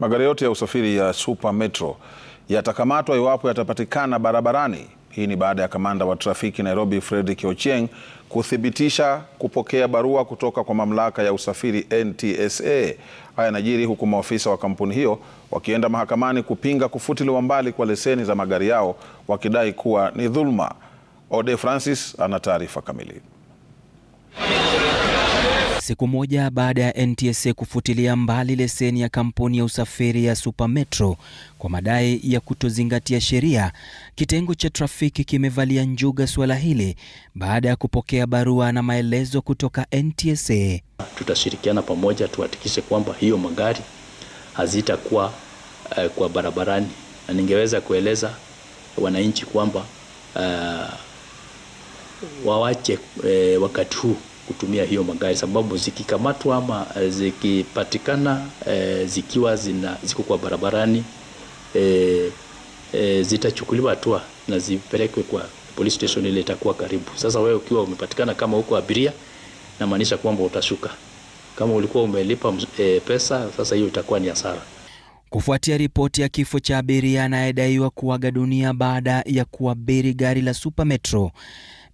Magari yote ya usafiri ya Super Metro yatakamatwa iwapo yatapatikana barabarani. Hii ni baada ya kamanda wa trafiki Nairobi, Fredrick Ochieng kuthibitisha kupokea barua kutoka kwa mamlaka ya usafiri NTSA. Haya yanajiri huku maofisa wa kampuni hiyo wakienda mahakamani kupinga kufutiliwa mbali kwa leseni za magari yao wakidai kuwa ni dhuluma. Ode Francis ana taarifa kamili. Siku moja baada ya NTSA kufutilia mbali leseni ya kampuni ya usafiri ya Metro kwa madai ya kutozingatia sheria, kitengo cha trafiki kimevalia njuga suala hili baada ya kupokea barua na maelezo kutoka NTSA. Tutashirikiana pamoja tuhakikishe kwamba hiyo magari hazitakuwa uh, kwa barabarani, na ningeweza kueleza wananchi kwamba uh, wawache uh, wakati huu kutumia hiyo magari, sababu zikikamatwa ama eh, zikipatikana e, zikiwa zina, ziko kwa barabarani e, e, zitachukuliwa hatua na zipelekwe kwa police station ile itakuwa karibu. Sasa wewe ukiwa umepatikana kama huko abiria, na maanisha kwamba utashuka kama ulikuwa umelipa e, pesa. Sasa hiyo itakuwa ni hasara. Kufuatia ripoti ya kifo cha abiria anayedaiwa kuaga dunia baada ya kuabiri gari la Super Metro,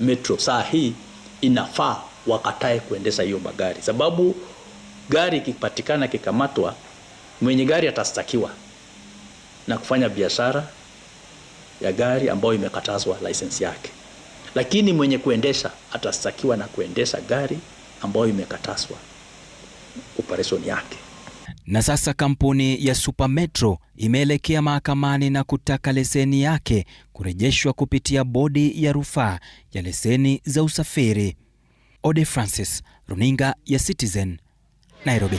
metro saa hii inafaa wakatae kuendesha hiyo magari, sababu gari ikipatikana kikamatwa, mwenye gari atastakiwa na kufanya biashara ya gari ambayo imekatazwa lisensi yake, lakini mwenye kuendesha atastakiwa na kuendesha gari ambayo imekatazwa operation yake. Na sasa kampuni ya Super Metro imeelekea mahakamani na kutaka leseni yake kurejeshwa kupitia bodi ya rufaa ya leseni za usafiri. Ode Francis, Runinga ya Citizen, Nairobi.